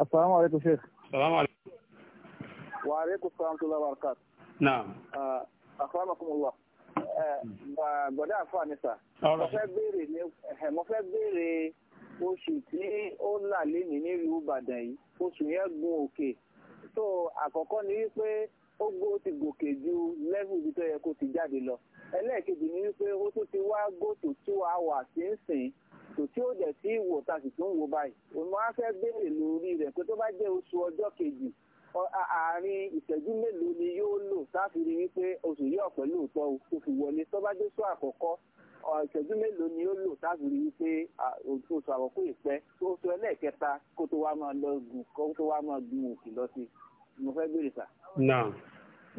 السلام عليكم شيخ السلام عليكم وعليكم السلام ورحمة الله وبركاته نعم أكرمكم الله bọ̀dá àǹfààní sà mo fẹ́ béèrè eh, mo fẹ́ béèrè oṣù tí ó là lénìí nílùú Ìbàdàn yìí oṣù yẹn gun òkè tó àkọ́kọ́ ni wípé ó gbó ti gòkè ju lẹ́fù ibi tó yẹ kó ti jáde lọ ẹlẹ́ẹ̀kejì ni wípé ó tún ti wá gòtò two hours sí tí ìwò ta sì tún wò báyìí òun wá fẹ́ béèrè lórí rẹ̀ pé tó bá jẹ́ oṣù ọjọ́ kejì àárín ìṣẹ́jú mélòó ni yóò lò láti rí wípé oṣù yìí ọ̀pẹ́ lóòótọ́ o fi wọlé tó bá jẹ́ oṣù àkọ́kọ́ ìṣẹ́jú mélòó ni ó lò láti rí wípé oṣù àkọ́kọ́ ìpẹ́ oṣù ẹlẹ́ẹ̀kẹta kó tó wá máa lọ gùn kó tó wá máa gùn òkè lọ sí mo fẹ́ béèrè sà. naam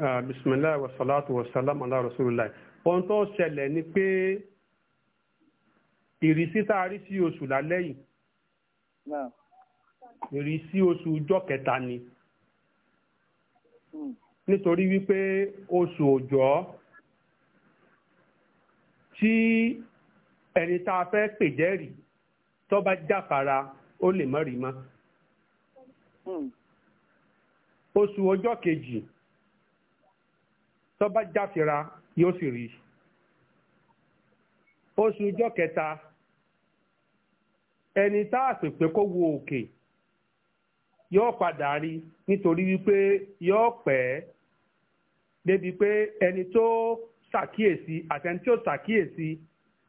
ah, bisimilayi wa salatu wa salam ala rasulillah ohun tó ṣẹlẹ̀ ni pé ìrísí tá a rí sí oṣù lálẹ́ yìí ìrísí oṣù ọjọ́ kẹta ni hmm. nítorí wípé oṣù òjò tí ẹni tá a fẹ́ pè jẹ́rìí tó bá jáfara ó lè mọ́ rí mọ́ hmm. oṣù ọjọ́ kejì tó bá jáfira yóò sì rí oṣù ọjọ́ kẹta ẹni tá a pè pé kó wo òkè yóò padà rí nítorí wípé yóò pẹ́ débi pé ẹni tó ṣàkíyèsí àti ẹni tí ó ṣàkíyèsí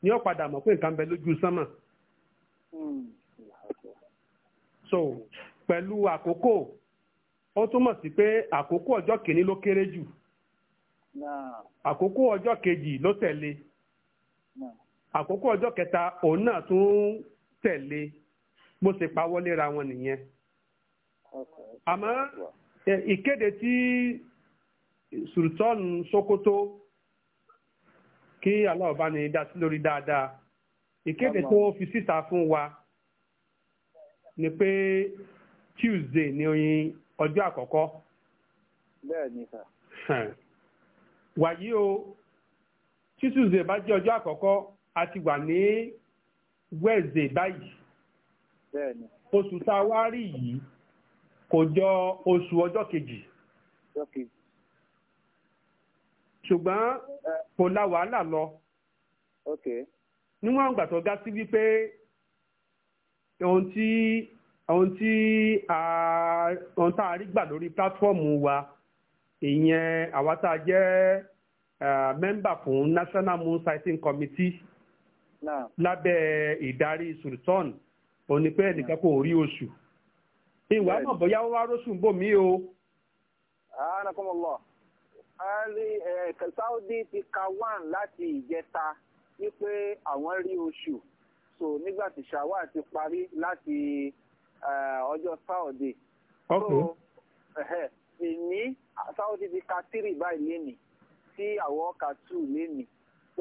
ni yóò padà mọ̀ pé nǹkan bẹ lójú sánmà. so pẹ̀lú àkókò ó túmọ̀ sí pé àkókò ọjọ́ kìíní ló kéré jù àkókò ọjọ́ kejì ló tẹ̀lé àkókò ọjọ́ kẹta òun náà tún tẹ̀lé bó ṣe pawọ́ ra wọn nìyẹn. àmọ́ ìkéde tí sultan Sokoto kí Allah ni ní dá sí lórí dáadáa ìkéde tó fi síta fún wa ni pé Tuesday ni oyin ọjọ́ àkọ́kọ́. bẹ́ẹ̀ wàyí o tí Tuesday bá jẹ́ ọjọ́ àkọ́kọ́ a ti wà ní wẹ́ẹ̀zẹ̀ báyìí oṣù tá a wá rí yìí kò jọ oṣù ọjọ́ kejì ṣùgbọ́n kò la wàhálà lọ níwọ̀n ìgbà tó ga sí wípé ohun tí ohun tí ohun tá a rí gbà lórí pílátífọ́ọ̀mù wa ìyẹn àwa tá a jẹ́ mẹ́mbà fún National Moon Sighting Committee lábẹ́ ìdarí sultan òní pé kò rí oṣù ìwà náà bọ̀ ó wá róṣù ń bò mí o. Saudi ti ka one láti ìjẹta wípé àwọn rí oṣù so nígbà tí ṣàwá ti parí láti ọjọ́ Saudi. so ìní Saudi ti ka three báyìí lénìí tí àwọn ọkà two lénìí.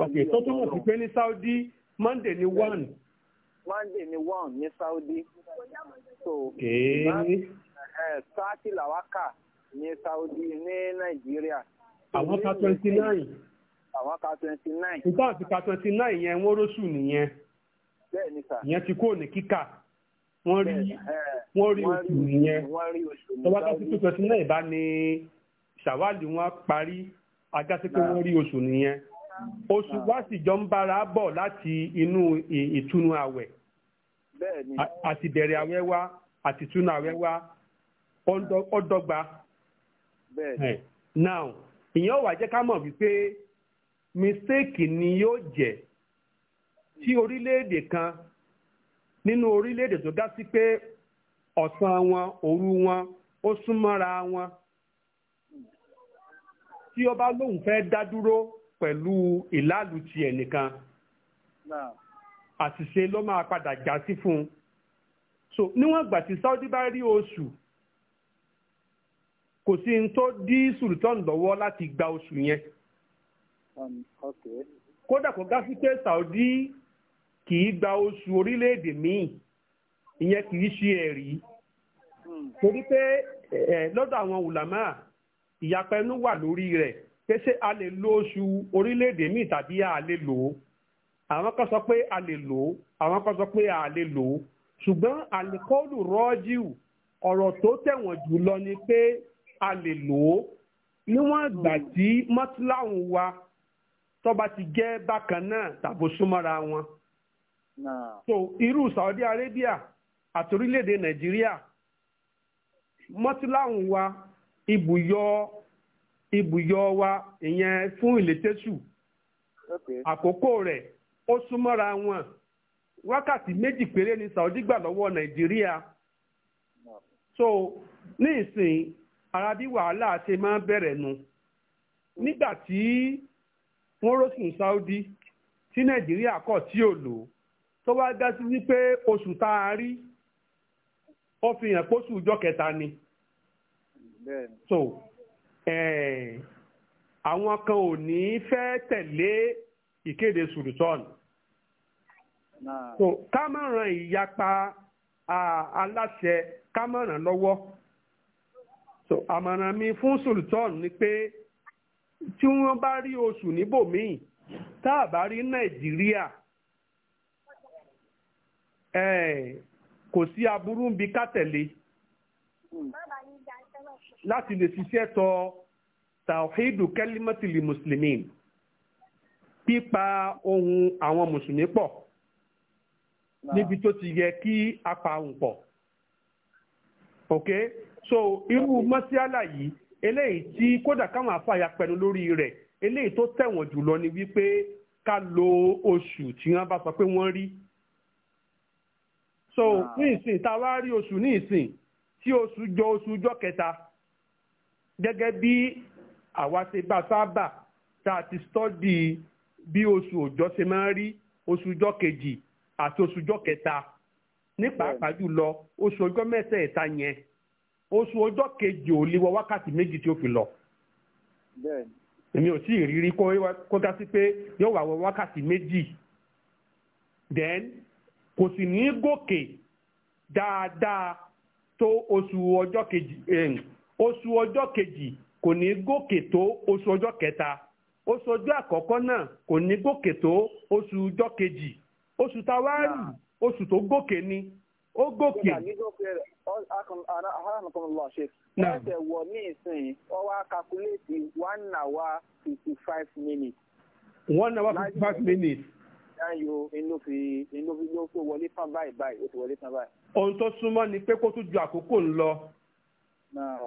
ok tó túmọ̀ sí pé ní Saudi Monday ni one. Monday ni one ní Saudi. So eh, thirty làwa kà ní Saudi ní Nàìjíríà. Àwọn ka twenty nine. Àwọn ka twenty nine. Nígbà tí ka twenty nine yẹn wọ́n róṣù nìyẹn. Bẹ́ẹ̀ni sà. Ìyẹn ti kúrò ní kíkà. Wọ́n rí wọ́n rí oṣù nìyẹn. Wọ́n rí oṣù twenty nine bá ní ṣàwálì wọn parí ajá sí pé wọ́n rí oṣù nìyẹn. oṣù wa sì jọ ń bára bọ̀ láti inú ìtúnu àwẹ̀ àti bẹ̀rẹ̀ àwẹ̀ wa àti ìtúnu àwẹ̀ wa ọ̀dọ́gba. now ìyẹn ọ̀wà jẹ́ ká mọ̀ wípé mistake ni yóò jẹ́ tí orílẹ̀-èdè kan nínú orílẹ̀-èdè tó dá sí pé ọ̀sán wọn òru wọn ó súnmọ́ra wọn tí ọba bá lóun fẹ́ dá dúró pẹ̀lú ìlàlù ti ẹnìkan àṣìṣe ló máa padà já sí fún so níwọ̀n ìgbà tí Saudi bá rí oṣù kò sí ní tó dí sultan lọ́wọ́ láti gba oṣù yẹn kódà kó gásí pé Saudi kì í gba oṣù orílẹ̀-èdè míì ìyẹn kì í ṣe ẹ̀rí hmm. torí pé lọ́dọ̀ àwọn ulama ìyapẹ́nu wà lórí rẹ̀ pé ṣé a lè lo oṣù orílẹ̀-èdè míì tàbí a lè lò ó àwọn kan sọ pé a lè lò ó àwọn kan sọ pé a lè lò ó ṣùgbọ́n àlékọ́ọ̀lù rọ́ọ̀jìù ọ̀rọ̀ tó tẹ̀wọ̀n jù lọ ni pé a lè lò ó níwọ̀n ìgbà tí mọ́tíláhùn wa tó ti jẹ́ bákan náà tàbó súnmọ́ra wọn. so irú Saudi Arabia àti orílẹ̀-èdè Nàìjíríà mọ́tíláhùn wa ibùyọ ibùyọ wa ìyẹn fún ìlétésù àkókò rẹ̀ ó súnmọ́ra wọn wákàtí méjì péré ni Saudi gbà lọ́wọ́ Nàìjíríà so ní ìsìn ara bí wàhálà ṣe máa ń bẹ̀rẹ̀ nu nígbà tí wọ́n rọ́sùn Saudi tí Nàìjíríà kọ̀ tí ò lò tó wá dá sí wípé oṣù tá a rí ni Eh, àwọn kan ò ní fẹ́ tẹ̀lé ìkéde sùrùtọ́ọ̀nù so ká má ran ìyapa aláṣẹ ká má ràn lọ́wọ́ so àmọ̀ràn mi fún sùrùtọ́ọ̀nù ni pé tí wọ́n bá rí oṣù níbòmíì tá a bá rí nàìjíríà eh, kò sí aburú ń bi ká tẹ̀lé. Hmm. láti lè ṣiṣẹ́ tọ tàwíìdù kẹ́límọ́tìlì mùsùlùmí pípa ohun àwọn mùsùlùmí pọ̀ níbi tó ti yẹ kí a pa ohun pọ̀ ok so irú mọ́síálà yìí eléyìí tí kódà káwọn afáyà pẹ̀lú lórí rẹ̀ eléyìí tó tẹ̀wọ̀n jùlọ ni wípé ká lo oṣù tí wọ́n bá sọ pé wọ́n rí so ní ìsìn tá rí oṣù ní ìsìn tí oṣù jọ oṣù ọjọ́ kẹta gẹ́gẹ́ bí àwa ṣe bá sábà tá a ti stọ́dì bí oṣù òjọ́ ṣe máa ń rí oṣù ọjọ́ kejì àti oṣù ọjọ́ kẹta ní pàápàá jùlọ oṣù ọjọ́ mẹ́tẹ̀ẹ̀ta yẹn oṣù ọjọ́ kejì ò lè wọ wákàtí méjì tí ó fi lọ. èmi ò tí ì kó dá sí pé yóò wà wọ wákàtí méjì then kò sì ní gòkè dáadáa tó oṣù ọjọ́ kejì oṣù ọjọ́ kejì kò ní gòkè tó oṣù ọjọ́ kẹta oṣù ọjọ́ àkọ́kọ́ náà kò ní gòkè tó oṣù ọjọ́ kejì oṣù tawárì oṣù tó gòkè ni ó gòkè. ẹsẹ̀ ní ìsìn ọ wá kakuléètì one hour fifty five minutes. one hour fifty five minutes. ẹ̀yọ́ inú fi inú fi ló wọlé tán báyìí báyìí ó ti wọlé báyìí. ohun tó súnmọ́ ni pé kó tún ju àkókò ń lọ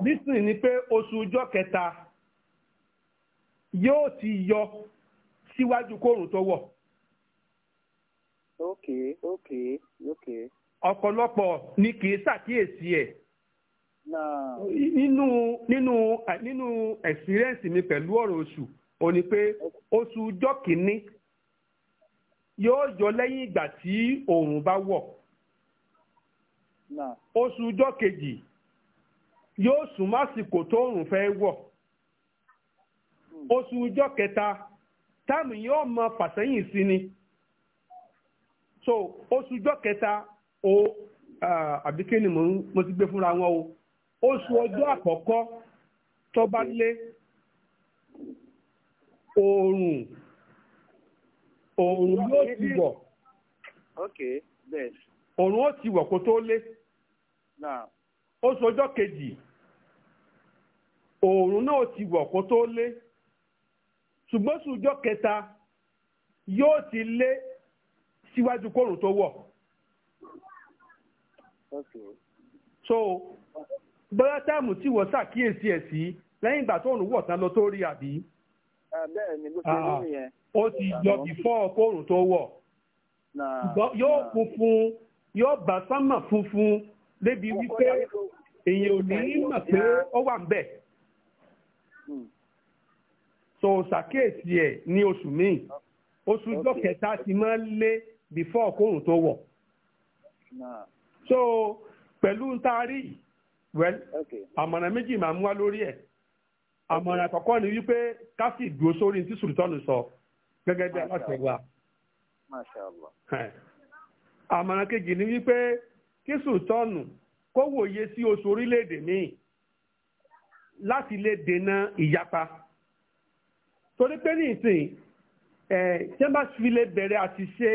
nísìn ni pé oṣù ọjọ́ kẹta yóò ti yọ síwájú kóòrùn tó wọ̀. okay okay okay. ọ̀pọ̀lọpọ̀ ni kì í ṣàkíyèsí ẹ̀. nínú nínú nínú experience mi pẹ̀lú ọ̀rọ̀ oṣù ó ní pé oṣù ọjọ́ kìíní yóò yọ lẹ́yìn ìgbà tí oòrùn bá wọ̀. oṣù ọjọ́ kejì yóò sùn másìkò tó òrùn fẹ́ wọ̀ hmm. oṣù ọjọ́ kẹta táàmù yóò mọ fàsẹ́yìn sí ni so oṣù ọjọ́ kẹta o àbíké ni mo ti gbé fúnra wọn o oṣù ọjọ́ àkọ́kọ́ tó bá hmm. lé oòrùn oòrùn yóò ti wọ̀ oòrùn ó ti wọ̀ kó tó lé. Okay. oṣù ọjọ́ kejì oòrùn náà ti wọ kó tó lé ṣùgbọ́n oṣù ọjọ́ kẹta yóò ti lé síwájú kóòrùn tó wọ̀. so bóyá táàmù tí wọ́n ṣàkíyèsí ẹ̀ sí lẹ́yìn ìgbà tóòrùn wọ̀ tán lọ tó rí àbí. bẹ́ẹ̀ ni ah, ti yọ bífọ́ kóòrùn tó wọ̀. yóò funfun yóò bá sánmà funfun débi wípé èyàn ò ní mọ̀ pé ó wà ń bẹ̀. Hmm. so ṣàkíyèsí ẹ̀ ní oṣù míì oṣù ọjọ́ kẹta ti máa ń lé before kóòrùn tó wọ̀. so pẹ̀lú ń well àmọ̀ràn méjì máa mú wá lórí ẹ̀ àmọ̀ràn àkọ́kọ́ ni wípé ká sì dúró sórí tí sùrùtọ́nù sọ gẹ́gẹ́ bí aláṣẹ wa. àmọ̀ràn kejì ni wípé kí sùtọ́nù kó wòye sí oṣù orílẹ̀-èdè míì láti lè dènà ìyapa torí pé ní ìsìn ẹ̀ tí wọ́n bá fi lè bẹ̀rẹ̀ àti ṣe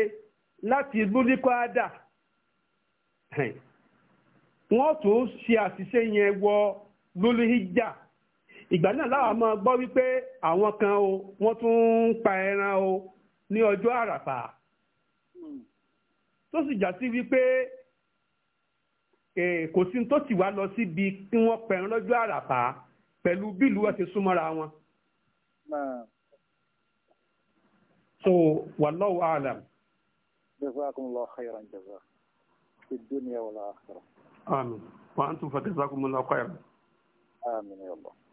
láti búdíkọ́ádà wọ́n tún ṣe àṣìṣe yẹn wọ lólùhíjà ìgbà náà láwa máa gbọ́ wípé àwọn kan o wọ́n tún ń pa ẹran o ní ọjọ́ àràfà tó sì já sí wípé kò sí tó tì wá lọ síbi kí wọ́n pẹ̀rún lọ́jọ́ àràfà pẹ̀lú bílù ẹ̀ ti súnmọ́ra wọn. so wallahu a'lam. jazakumullahu amin wa antum fa jazakumullahu khairan. amin ya Allah.